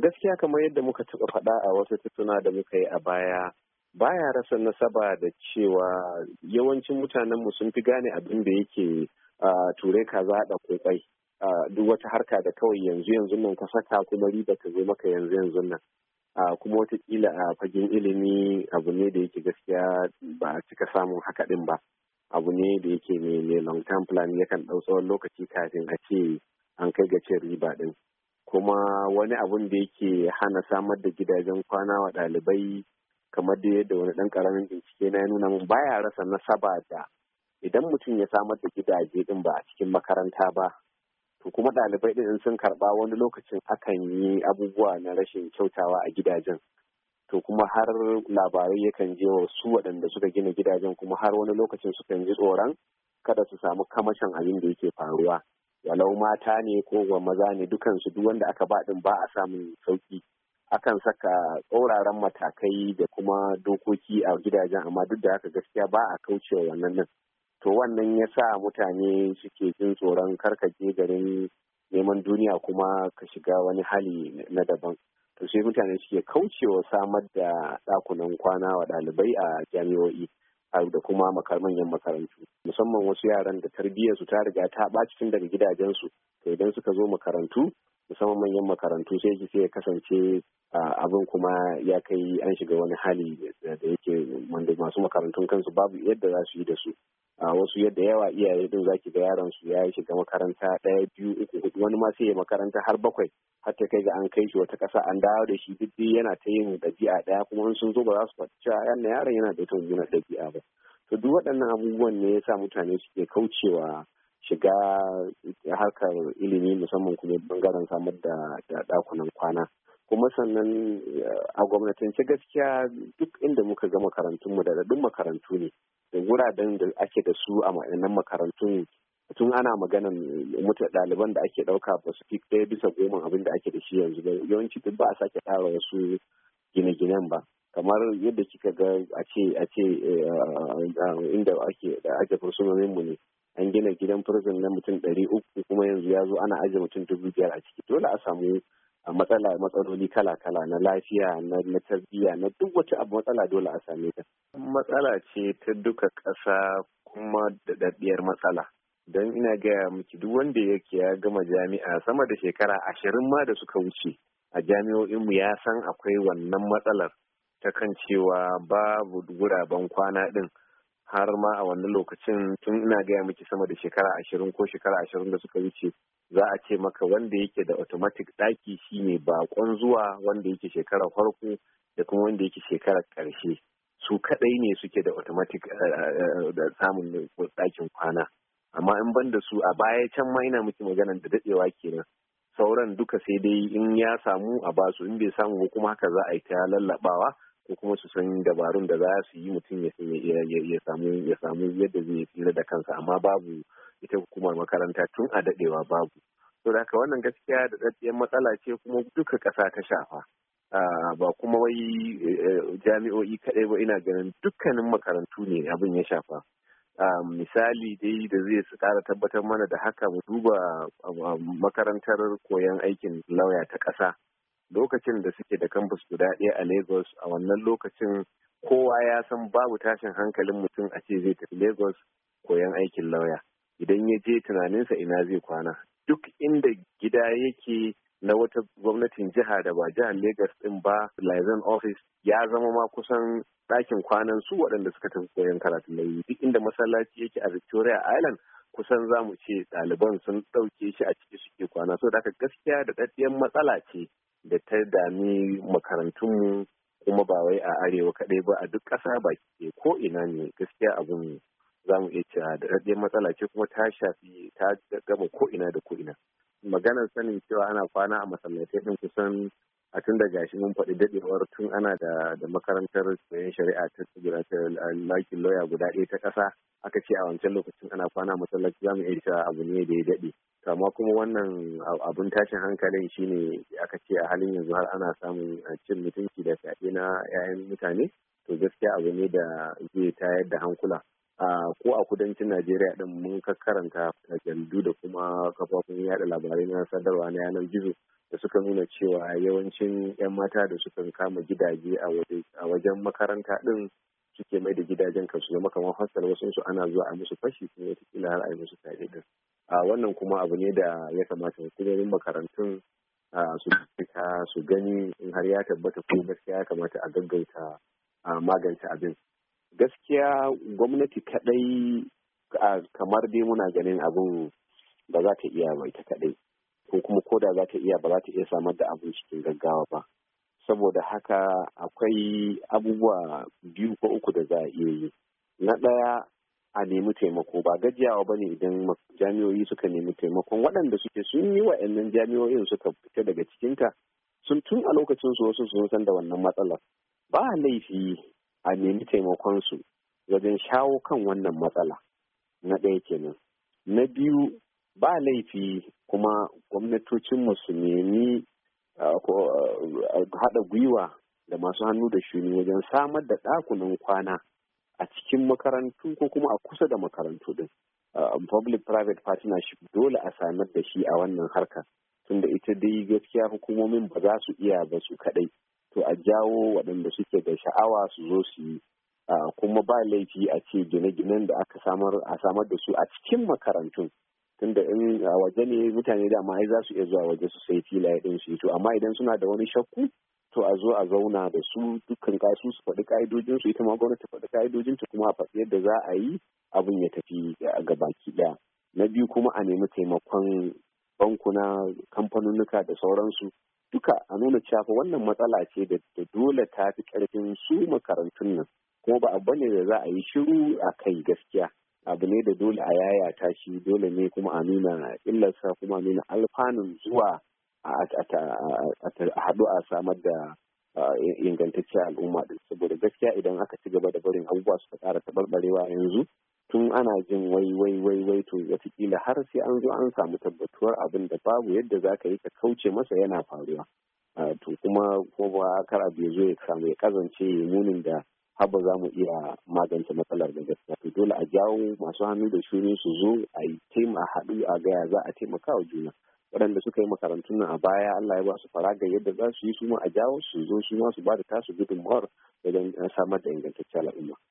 gaskiya kamar yadda muka taɓa faɗa a wasu tattuna da muka yi a baya baya rasa nasaba da cewa yawancin mutanen mu sun fi gane abin da yake ture kaza da kwaikwai duk wata harka da kawai yanzu yanzu nan ka saka kuma riba ta zo maka yanzu yanzu nan kuma watakila a fagen ilimi abu ne da yake gaskiya ba a cika samun haka din ba abu ne da yake mai long term plan yakan ɗau tsawon lokaci kafin a ce an kai ga cin riba din kuma wani abun da yake hana samar da gidajen kwana wa ɗalibai kamar da yadda wani ɗan ƙaramin bincike na ya nuna mun baya rasa nasaba da idan mutum ya samar da gidaje din ba a cikin makaranta ba to kuma ɗalibai ɗin sun karɓa wani lokacin akan yi abubuwa na rashin kyautawa a gidajen to kuma har labarai yakan je wa su waɗanda suka gina gidajen kuma har wani lokacin sukan ji tsoron kada su samu kamashin abin da yake faruwa walau mata ne ko maza ne dukansu duk wanda aka baɗin ba a samun sauki akan saka tsauraran matakai da kuma dokoki a gidajen amma duk da haka gaskiya ba a kaucewa wannan nan to wannan ya sa mutane suke jin tsoron je garin neman duniya kuma ka shiga wani hali na daban to sai mutane suke kaucewa samar da ɗakunan kwana wa ɗalibai a jami'o'i da kuma manyan makarantu musamman wasu yaran da tarbiyyarsu ta riga ta ɓaci tun daga gidajensu to idan suka zo makarantu musamman manyan makarantu sai ki sai kasance abin kuma ya kai an shiga wani hali da yake wanda masu makarantun kansu babu yadda za su yi da su a wasu yadda yawa iyaye din zaki ga yaron su ya shiga makaranta ɗaya biyu uku hudu wani ma sai ya makaranta har bakwai har ta kai ga an kai shi wata ƙasa an dawo da shi duk yana ta yin ɗabi'a ɗaya kuma in sun zo ba za su faɗi cewa yaron yana da ita wani ɗabi'a ba to duk waɗannan abubuwan ne ya sa mutane suke kaucewa shiga harkar ilimi musamman kuma bangaren samar da dakunan kwana kuma sannan eh, a gwamnatance gaskiya duk inda muka ga makarantunmu da duk makarantu ne da wuraren da ake da su a ma'anan makarantun tun ana maganan mutu ɗaliban da ake ɗauka ba su fi ɗaya bisa goma abin da ake da shi yanzu ba yawanci duk ba a sake dawa wasu gine-ginen ba kamar yadda kika ga a ce a ce eh, inda ake da ake fursunonin mu ne an gina gidan prison na mutum ɗari uku kuma yanzu ya zo ana ajiye mutum dubu biyar a ciki dole a samu matsala matsaloli kala kala na lafiya na tarbiyya na duk wata abu matsala dole a same ta matsala ce ta duka ƙasa kuma da matsala don ina gaya miki duk wanda yake ya gama jami'a sama da shekara ashirin ma da suka wuce a jami'o'inmu ya san akwai wannan matsalar ta kan cewa babu guraben kwana ɗin har ma a wannan lokacin tun ina gaya miki sama da shekara ashirin ko shekara ashirin da suka wuce za a ce maka wanda yake da automatic ɗaki shine bakon zuwa wanda yake shekara farko da kuma wanda yake shekara ƙarshe su kaɗai ne suke da automatic eh, eh, da samun ɗakin kwana amma in ban da su a baya can ma ina miki magana da daɗewa kenan sauran duka sai dai in ya samu a basu in bai samu ba kuma haka za a yi ta lallaɓawa ko kuma su san dabarun da za su yi mutum ya samu ya samu yadda zai tsira da kansa amma babu ita hukumar makaranta tun a dadewa babu to da haka wannan gaskiya da daddiyar matsala ce kuma duka ƙasa ta shafa ba kuma wai eh, eh, jami'o'i kaɗai ba ina ganin dukkanin makarantu ne abin ya shafa misali dai da zai su ƙara tabbatar mana da haka mu duba makarantar koyon aikin lauya ta ƙasa lokacin da suke da kambus guda ɗaya a Lagos a wannan lokacin kowa ya san babu tashin hankalin mutum a ce zai tafi Lagos koyan aikin lauya. Idan ya je tunaninsa ina zai kwana. Duk inda gida yake na wata gwamnatin jiha da ba jihar Legas din ba liaison office ya zama ma kusan ɗakin kwanan su waɗanda suka tafi koyon karatun yi duk inda masallaci yake a Victoria Island kusan za mu ce ɗaliban sun ɗauke shi a ciki suke kwana so da gaskiya da ɗaɗɗiyar matsala ce da ta dami makarantunmu kuma ba wai a arewa kaɗai ba a duk ƙasa baki ko ina ne gaskiya abun za mu iya cewa da ɗaɗɗiyar matsala ce kuma ta shafi ta gama ko ina da ko ina. maganar sanin cewa ana kwana a masallatai din kusan a tun da gashi mun faɗi dadewar tun ana da da makarantar koyon shari'a ta ta lakin lauya guda ɗaya ta ƙasa aka ce a wancan lokacin ana kwana masallaci za mu iya cewa abu ne da ya daɗe kama kuma wannan abun tashin hankalin shine aka ce a halin yanzu har ana samun eh, cin mutunci da fyaɗe na 'ya'yan mutane to gaskiya abu ne da zai tayar da hankula ko a kudancin najeriya din mun karanta jaridu da kuma kafafun yada labarai na sadarwa na yanar gizo da suka nuna cewa yawancin 'yan mata da suka kama gidaje a wajen makaranta din suke mai da gidajen kansu zama kamar hasar wasu su ana zuwa a musu fashi kuma wata har a yi musu tare din wannan kuma abu ne da ya kamata hukumomin makarantun su su gani in har ya tabbata ko gaskiya ya kamata a gaggauta magance abin gaskiya gwamnati kadai kamar dai muna ganin abin ba za ta iya mai ita kadai ko kuma ko da za ta iya ba za ta iya samar da abin cikin gaggawa ba saboda haka akwai abubuwa biyu ko uku da za a iya yi na ɗaya a nemi taimako ba gajiyawa ba ne idan jami'oyi suka nemi taimakon waɗanda suke sun yi wa 'yannan jami'oyin suka fita daga cikinta sun tun a lokacin su wasu sun san da wannan matsalar ba laifi a nemi taimakon su wajen shawo kan wannan matsala na ɗaya kenan na biyu ba laifi kuma gwamnatocinmu su nemi haɗa gwiwa da masu hannu da shuni wajen samar da ɗakunan kwana a cikin makarantu ko kuma a kusa da makarantu din public private partnership dole a samar da shi a wannan harkar tunda ita dai gaskiya hukumomin ba za su iya ba su kadai to a jawo waɗanda suke da sha'awa su zo su yi kuma ba laifi a ce gine-ginen da aka samar a samar da su a cikin makarantun tunda in a waje ne mutane dama ai za su iya zuwa waje su sai filaye din su to amma idan suna da wani shakku to a zo a zauna da su dukkan kasu su faɗi ka'idojin su ita ma gwamnati faɗi ka'idojin ta kuma a faɗi yadda za a yi abin ya tafi ga baki ɗaya na biyu kuma a nemi taimakon bankuna kamfanunuka da sauransu duka a nuna cewa wannan matsala ce da dole ta fi karfin su makarantun nan kuma ba abu ne da za a yi shiru a kai gaskiya abu ne da dole a yayata shi dole ne kuma a nuna illarsa kuma a nuna alfanun zuwa a haɗu a samar da ingantacciyar al'umma din saboda gaskiya idan aka ci gaba da barin abubuwa ta ƙara taɓarɓarewa yanzu tun ana jin wai wai wai wai to watakila har sai an zo an samu tabbatuwar abin da babu yadda za ka yi ka kauce masa yana faruwa to kuma ko ba kar a ya zo ya samu ya kazance munin da haba za mu iya magance matsalar da gaskiya to dole a jawo masu hannu da shuni su zo a yi taima haɗu a gaya za a taimaka wa juna waɗanda suka yi makarantun nan a baya Allah ya ba su faraga yadda za su yi su ma a jawo su zo su ma su ba da tasu gudunmawar wajen samar da ingantaccen al'umma.